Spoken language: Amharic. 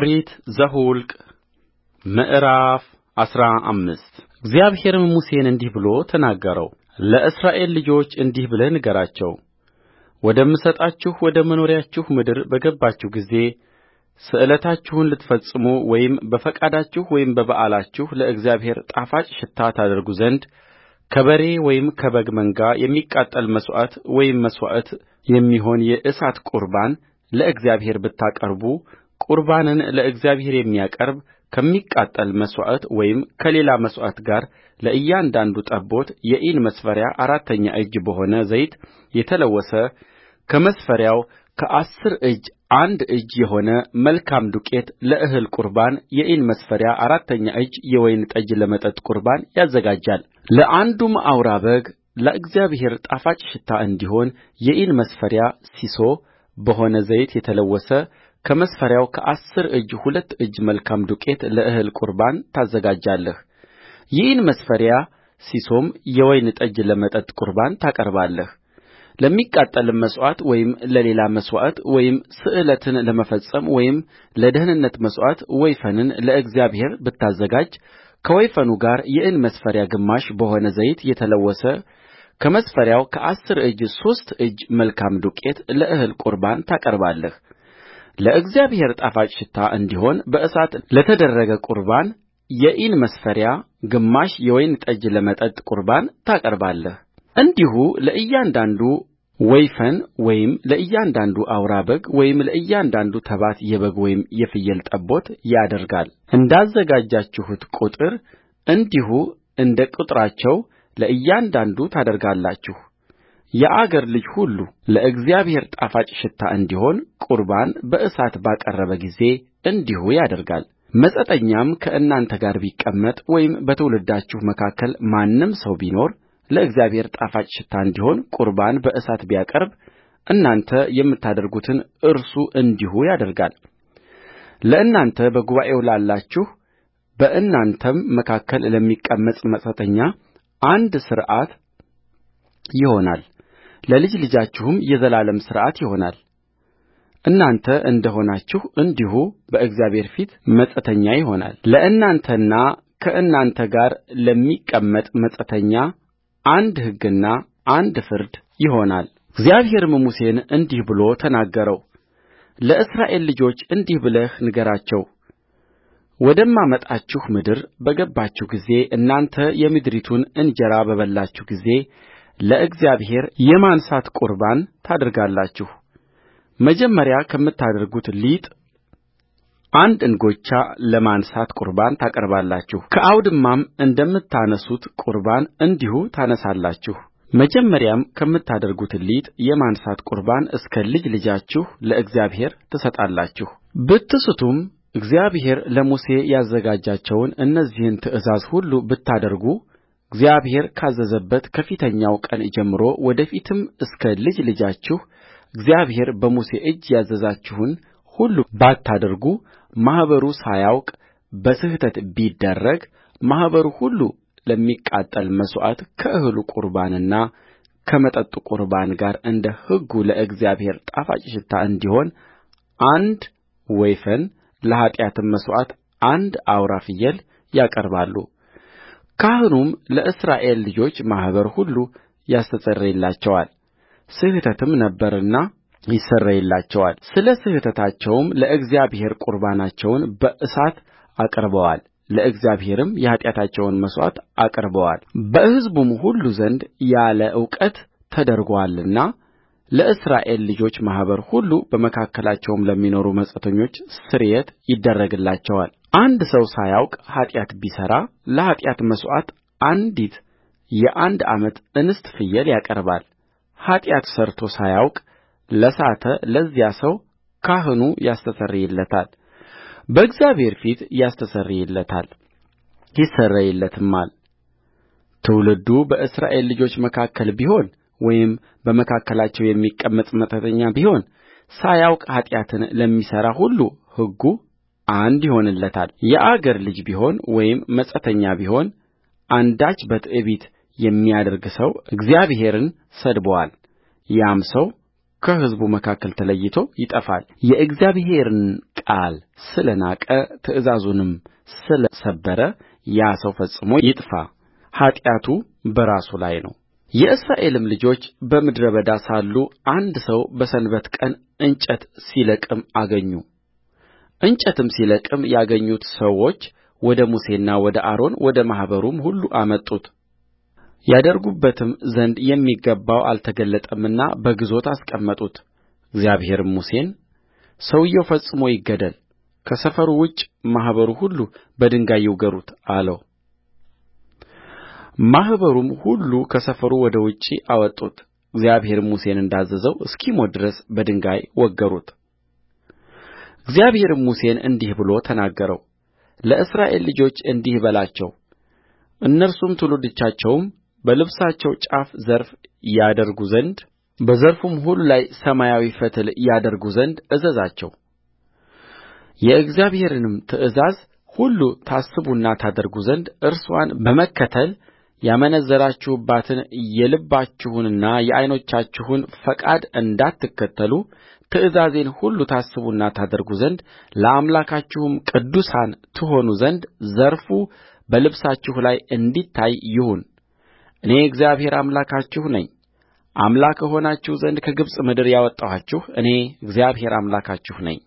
ኦሪት ዘኍልቍ ምዕራፍ አስራ አምስት እግዚአብሔርም ሙሴን እንዲህ ብሎ ተናገረውለእስራኤል ልጆች እንዲህ ብለህ ንገራቸው ወደምሰጣችሁ ወደ መኖሪያችሁ ምድር በገባችሁ ጊዜ ስእለታችሁን ልትፈጽሙ ወይም በፈቃዳችሁ ወይም በበዓላችሁ ለእግዚአብሔር ጣፋጭ ሽታ ታደርጉ ዘንድ ከበሬ ወይም ከበግ መንጋ የሚቃጠል መሥዋዕት ወይም መሥዋዕት የሚሆን የእሳት ቁርባን ለእግዚአብሔር ብታቀርቡ ቍርባንን ለእግዚአብሔር የሚያቀርብ ከሚቃጠል መሥዋዕት ወይም ከሌላ መሥዋዕት ጋር ለእያንዳንዱ ጠቦት የኢን መስፈሪያ አራተኛ እጅ በሆነ ዘይት የተለወሰ ከመስፈሪያው ከአሥር እጅ አንድ እጅ የሆነ መልካም ዱቄት ለእህል ቍርባን የኢን መስፈሪያ አራተኛ እጅ የወይን ጠጅ ለመጠጥ ቍርባን ያዘጋጃልለአንዱም አውራ በግ ለእግዚአብሔር ጣፋጭ ሽታ እንዲሆን የኢን መስፈሪያ ሢሶ በሆነ ዘይት የተለወሰ ከመስፈሪያው ከአሥር እጅ ሁለት እጅ መልካም ዱቄት ለእህል ቍርባን ታዘጋጃለህ የኢን መስፈሪያ ሢሶም የወይን ጠጅ ለመጠጥ ቍርባን ለሚቃጠልም መሥዋዕት ወይም ለሌላ መሥዋዕት ወይም ስእለትን ለመፈጸም ወይም ለደኅንነት መሥዋዕት ወይፈንን ለእግዚአብሔር ብታዘጋጅ ከወይፈኑ ጋር የኢን መስፈሪያ ግማሽ በሆነ ዘይት የተለወሰ ከመስፈሪያው ከአሥር እጅ ሦስት እጅ መልካም ዱቄት ለእህል ቍርባን ታቀርባለህ ለእግዚአብሔር ጣፋጭ ሽታ እንዲሆን በእሳት ለተደረገ ቍርባን የኢን መስፈሪያ ግማሽ የወይን ጠጅ ለመጠጥ ቍርባን ታቀርባለህእንዲሁ ለእያንዳንዱ ወይፈን ወይም ለእያንዳንዱ አውራ በግ ወይም ለእያንዳንዱ ተባት የበግ ወይም የፍየል ጠቦት ያደርጋል እንዳዘጋጃችሁት ቍጥር እንዲሁ እንደ ቍጥራቸው ለእያንዳንዱ ታደርጋላችሁ የአገር ልጅ ሁሉ ለእግዚአብሔር ጣፋጭ ሽታ እንዲሆን ቍርባን በእሳት ባቀረበ ጊዜ እንዲሁ ያደርጋልመጻተኛም ከእናንተ ጋር ቢቀመጥ ወይም በትውልዳችሁ መካከል ማንም ሰው ቢኖር ለእግዚአብሔር ጣፋጭ ሽታ እንዲሆን ቍርባን በእሳት ቢያቀርብ እናንተ የምታደርጉትን እርሱ እንዲሁ ያደርጋልለእናንተ በጉባኤው ላላችሁ በእናንተም መካከል ለሚቀመጥ መጻተኛ አንድ ሥርዓት ይሆናል ለልጅ ልጃችሁም የዘላለም ሥርዓት ይሆናል እናንተ እንደ ሆናችሁ እንዲሁ በእግዚአብሔር ፊት መጻተኛ ይሆናልለእናንተና ከእናንተ ጋር ለሚቀመጥ መጻተኛ አንድ ሕግና አንድ ፍርድ ይሆናልእግዚአብሔርም ሙሴን እንዲህ ብሎ ተናገረውለእስራኤል ልጆች እንዲህ ብለህ ንገራቸው ወደማመጣችሁ ምድር በገባችሁ ጊዜ እናንተ የምድሪቱን እንጀራ በበላችሁ ጊዜ ለእግዚአብሔር የማንሣት ቍርባን መጀመሪያ ከምታደርጉት ሊጥ አንድ እንጐቻ ለማንሣት ቍርባን ታቀርባላችሁ ከአውድማም እንደምታነሡት ቍርባን እንዲሁ መጀመሪያም ከምታደርጉት ሊጥ የማንሣት ቍርባን እስከ ልጅ ልጃችሁ ለእግዚአብሔር ትሰጣላችሁ ብትስቱም እግዚአብሔር ለሙሴ ያዘዛቸውን እነዚህን ትእዛዛት ሁሉ ብታደርጉ እግዚአብሔር ካዘዘበት ከፊተኛው ቀን ጀምሮ ወደ ፊትም እስከ ልጅ ልጃችሁ እግዚአብሔር በሙሴ እጅ ያዘዛችሁን ሁሉ ባታደርጉማኅበሩ ሳያውቅ በስሕተት ቢደረግ ማኅበሩ ሁሉ ለሚቃጠል መሥዋዕት ከእህሉ ቍርባንና ከመጠጡ ቍርባን ጋር እንደ ሕጉ ለእግዚአብሔር ጣፋጭ ሽታ እንዲሆን አንድ ወይፈን ለኃጢአትም መሥዋዕት አንድ አውራ ፍየል ያቀርባሉ ካህኑም ለእስራኤል ልጆች ማኅበር ሁሉ ያስተሰርይላቸዋል ስሕተትም ነበረና ስለ ስሕተታቸውም ለእግዚአብሔር ቍርባናቸውን በእሳት አቅርበዋል ለእግዚአብሔርም የኃጢአታቸውን መሥዋዕት አቅርበዋል በሕዝቡም ሁሉ ዘንድ ያለ እውቀት ተደርጎአልና ለእስራኤል ልጆች ማኅበር ሁሉ በመካከላቸውም ለሚኖሩ መጻተኞች ስርየት ይደረግላቸዋል አንድ ሰው ሳያውቅ ኃጢአት ቢሠራ ለኃጢአት መሥዋዕት አንዲት የአንድ ዓመት እንስት ፍየል ያቀርባል ኃጢአት ሠርቶ ሳያውቅ ለሳተ ለዚያ ሰው ካህኑ ያስተሰርይለታል በእግዚአብሔር ፊት ያስተሰርይለታል ይሰረይለትማል ትውልዱ በእስራኤል ልጆች መካከል ቢሆን ወይም በመካከላቸው የሚቀመጥ መጻተኛ ቢሆን ሳያውቅ ኃጢአትን ለሚሠራ ሁሉ ሕጉ አንድ ይሆንለታልየአገር ልጅ ቢሆን ወይም መጻተኛ ቢሆን አንዳች በትዕቢት የሚያደርግ ሰው እግዚአብሔርን ሰድቦአል ያም ሰው ከሕዝቡ መካከል ተለይቶ ይጠፋልየእግዚአብሔርን ቃል ስለ ናቀ ትእዛዙንም ስለ ሰበረ ያ ሰው ፈጽሞ ይጥፋ ኃጢአቱ በራሱ ላይ ነውየእስራኤልም ልጆች በምድረ በዳ ሳሉ አንድ ሰው በሰንበት ቀን እንጨት ሲለቅም አገኙ እንጨትም ሲለቅም ያገኙት ሰዎች ወደ ሙሴና ወደ አሮን ወደ ማኅበሩም ሁሉ አመጡት ያደርጉበትም ዘንድ የሚገባው አልተገለጠምና በግዞት አስቀመጡት እግዚአብሔርም ሙሴን ሰውዮው ፈጽሞ ይገደል ከሰፈሩ ውጭ ማኅበሩ ሁሉ በድንጋይ ይውገሩት አለውማኅበሩም ሁሉ ከሰፈሩ ወደ ውጭ አወጡት እግዚአብሔርም ሙሴን እንዳዘዘው እስኪሞት ድረስ በድንጋይ ወገሩት እግዚአብሔርም ሙሴን እንዲህ ብሎ ተናገረውለእስራኤል ልጆች እንዲህ በላቸው እነርሱም ትውልዶቻቸውም በልብሳቸው ጫፍ ዘርፍ ያደርጉ ዘንድ በዘርፉም ሁሉ ላይ ሰማያዊ ፈትል ያደርጉ ዘንድ እዘዛቸውየእግዚአብሔርንም ትእዛዝ ሁሉ ታስቡና ታደርጉ ዘንድ እርስዋን በመከተል ያመነዘራችሁባትን የልባችሁንና የዓይኖቻችሁን ፈቃድ እንዳትከተሉ ትእዛዜን ሁሉ ታስቡና ታደርጉ ዘንድ ለአምላካችሁም ቅዱሳን ትሆኑ ዘንድ ዘርፉ በልብሳችሁ ላይ እንዲታይ ይሁን እኔ እግዚአብሔር አምላካችሁ ነኝአምላክ እሆናችሁ ዘንድ ከግብፅ ምድር ያወጣኋችሁ እኔ እግዚአብሔር አምላካችሁ ነኝ